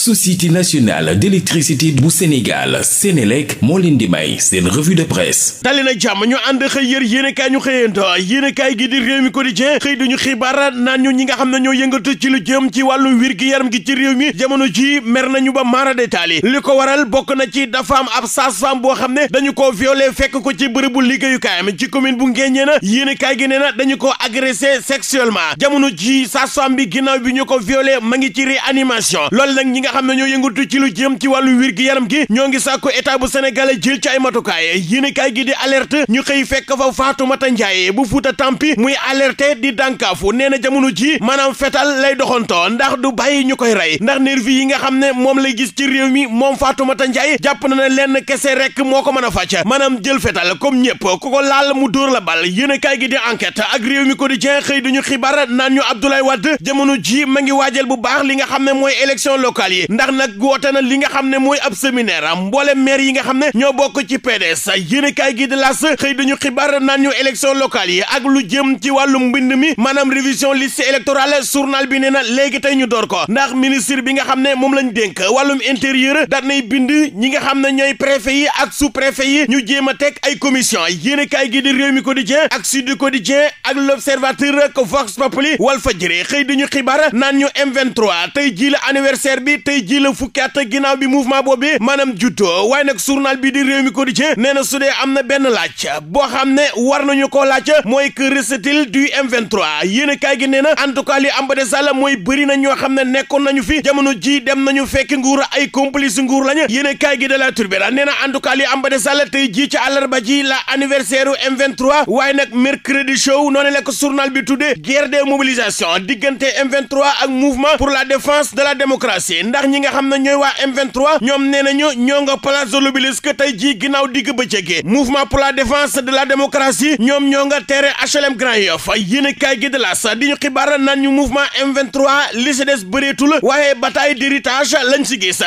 société nationale d'électricité bu Sénégal Sénélec moo leen di may seen revue de presse dali na jàmm ñu ànd xëy yër yéenekaay ñu xëyanto yéenekaay gi di réew mi quotidien xëy duñu xibaar naan ñu ñi nga xam ne ñoo yëngatu ci lu jëm ci wàllu wér gi yaram gi ci réew mi jamono ji mer nañu ba maara détaal li ko waral bokk na ci dafa am ab sage-femme boo xam ne dañu ko violé fekk ko ci bërëbu liggéeyukaayam ci commune bu Nguéniène na yéenekaay gi nee na dañu ko agressé sexuellement jamono ji sage-femme bi ginnaaw bi ñu ko violé ma ngi ci réanimation loolu nag nga xam ne ñoo yëngatu ci lu jëm ci wàllu wér yaram gi ñoo ngi sàkku état bu Sénégal jël ci ay matukaay yéenekaay gi di alerte ñu xëy fekk fa Fatoumata Ndiaye bu Fuuta Tampi muy alerte di dànkaafu nee na jamono ji maanaam fetal lay doxontoo ndax du bàyyi ñu koy rey ndax nervi yi nga xam ne moom lay gis ci réew mi moom faatu Fatoumata Ndiaye jàpp na ne lenn kese rek moo ko mën a fàcc maanaam jël fetal comme ñëpp ku ko laal mu dóor la bal yéenekaay gi di enquête ak réew mi quotidien xëy duñu xibaar naan ñu Abdoulaye Wade jamono ji ma ngi waajal bu baax li nga xam ne mooy élection yi yi ndax nag goote na li nga xam ne mooy ab séminaire am mboole maire yi nga xam ne ñoo bokk ci PDS yéenekaay gi di L'As xëy dañu xibaar naan ñu élection locale yi ak lu jëm ci wàllum mbind mi maanaam révision liste électorale journal bi nee na léegi tey ñu door ko ndax ministir bi nga xam ne moom lañ dénk wàllum intérieur daat nay bind ñi nga xam ne ñooy préfet yi ak sous préfet yi ñu jéem a teg ay commission yéenekaay gi di Rewmi Quotidien ak di Quotidien ak L'Observateur ak Vox Populi Walf Fadjri xëy dañu xibaar naan ñu M23 tey jii la anniversaire bi tey ji la fukki at ginnaaw bi mouvement boobu maanaam juddoo waaye nag journal bi di réew mi quotidien nee na su dee am na benn laaj boo xam ne war nañu ko laaj mooy que t il du M23 yéen a kaay gi nee na en tout cas li am ba des àll mooy bëri na ñoo xam na nekkoon nañu fi jamono ji dem nañu fekk nguur ay complice nguur lañu yéen a kaay gi de la Tribune nee na en tout cas li am ba des àll tey ji ci àllarba ji la anniversaire M23 waaye nag mercredi show noonu la ko journal bi tuddee guerre des mobilisations diggante M23 ak mouvement pour la défense de la démocratie ndax ñi nga xam ne ñooy waa M23 ñoom nee nañu ñoo nga place de l'Obélisque tey jii ginnaaw di bëccëg mouvement pour la défense de la démocratie ñoom ñoo nga teere HLM Grand Yoff yéen a kaay gi de la sa di ñu xibaar naan ñu mouvement M23 li si des bëreetul waaye bataille d'héritage lañ si gis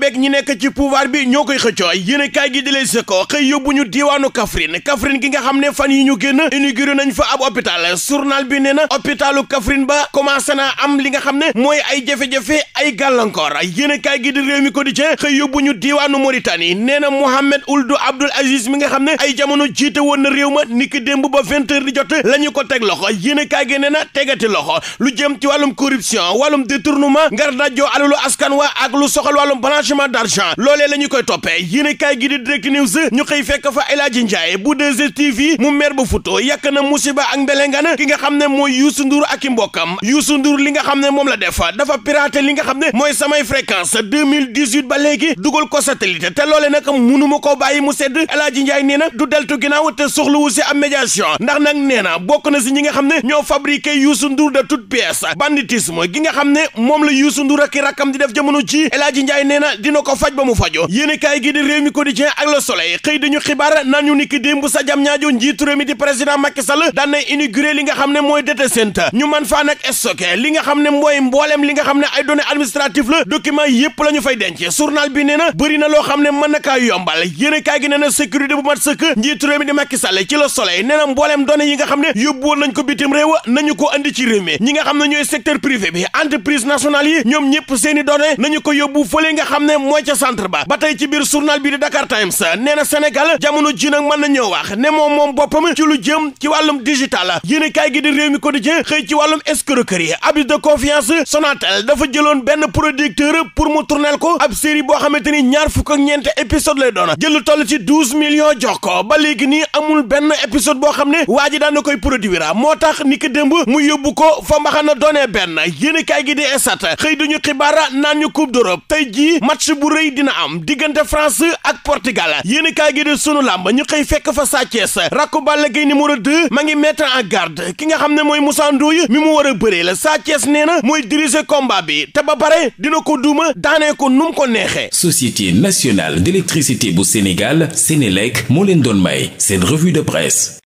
beeg ñi nekk ci pouvoir bi ñoo koy xëccoo yéen a kaay gi de Les Échos xëy yóbbu ñu diiwaanu Kaffrine Kaffrine gi nga xam ne fan yi ñu génn inauguré nañ fa ab hôpital journal bi nee na hôpitalu Kaffrine ba commencé na am li nga xam ne mooy ay jafe ay gàllankoor encore yéenekaay gi di réew mi quotidien xëy yóbbu ñu diiwaanu Mauritanie nee na Mohamed Ould Abdul Aziz mi nga xam ne ay jamono jiite woon na réew ma niki démb ba vingt heures di jot la ko teg loxo yéenekaay gi nee na tegati loxo lu jëm ci wàllum corruption wàllum détournement ngar dajjoo alalu askan wa ak lu soxal wàllum blanchiment d'argent loolee la ñu koy toppee yéenekaay gi di direct news ñu xëy fekk fa El Hadji bu 2STV mu mer ba futo yàkk i samay fréquence 2018 ba léegi dugal ko satellite te loole nag munuma koo bàyyi mu sedd El Hadji Ndiaye nee na du deltu ginnaaw te soxlawu si am médiation ndax nag nee na bokk na si ñi nga xam ne ñoo fabriqué Youssou Ndour de toute pièce banditisme gi nga xam ne moom la Youssou Ndour ak i rakkam di def jamono ci El Hadji Ndiaye nee na dina ko faj ba mu fajo yéen kaay gi di réew mi quotidien ak le soleil xëy dañu xibaar na ñu ni ki démb sa jam ñaajo njiitu réew mi di président Macky Sall daan nga xam ne mooy data ñu man faa nag stocké li nga xam ne mooy mbooleem li nga xam ne ay données administratives jëf la document yépp la fay denc journal bi nee na xam ne mën na kaa yombal yéene kaay gi nee na bu mat sëkk njiitu réew mi di Macky Sall ci la soleil nee na mbooleem données yi nga xam ne yóbbu woon ko bitim réew nañu ko andi ci réew mi ñi nga xam ne ñooy secteur privé bi entreprise nationale yi ñoom ñëpp seeni données nañu ko yóbbu fële nga xam ne mooy ca centre ba ba ci biir journal bi di Dakar Times nee na Sénégal jamono ji nag mën na ñoo producteur pour mu tournel ko ab série boo xamante ni ñaar fukk ak ñeent épisode lay doona jël lu toll ci douze millions jox ko ba léegi nii amul benn épisode boo xam ne waa ji daan na koy produire moo tax ni ko démb mu yóbbu ko fa mbaxana doonee benn yéen kaay gi di esat xëy duñu xibaara naan ñu coupe d'Europe tey jii match bu rëy dina am diggante France ak Portugal yéen kaa gi di sunu làmb ñu xëy fekk fa Sa Thiès rakku Balla Gaye numéro deux ngi mettre en ki nga xam ne mooy Moussa mi mu war a bëree la Sa Thiès nee na mooy diriger combat bi te ba pare dina ko duma daanee ko nu ko neexee. Société nationale d'électricité bu Sénégal Sénélec moo leen doon may seen revue de presse.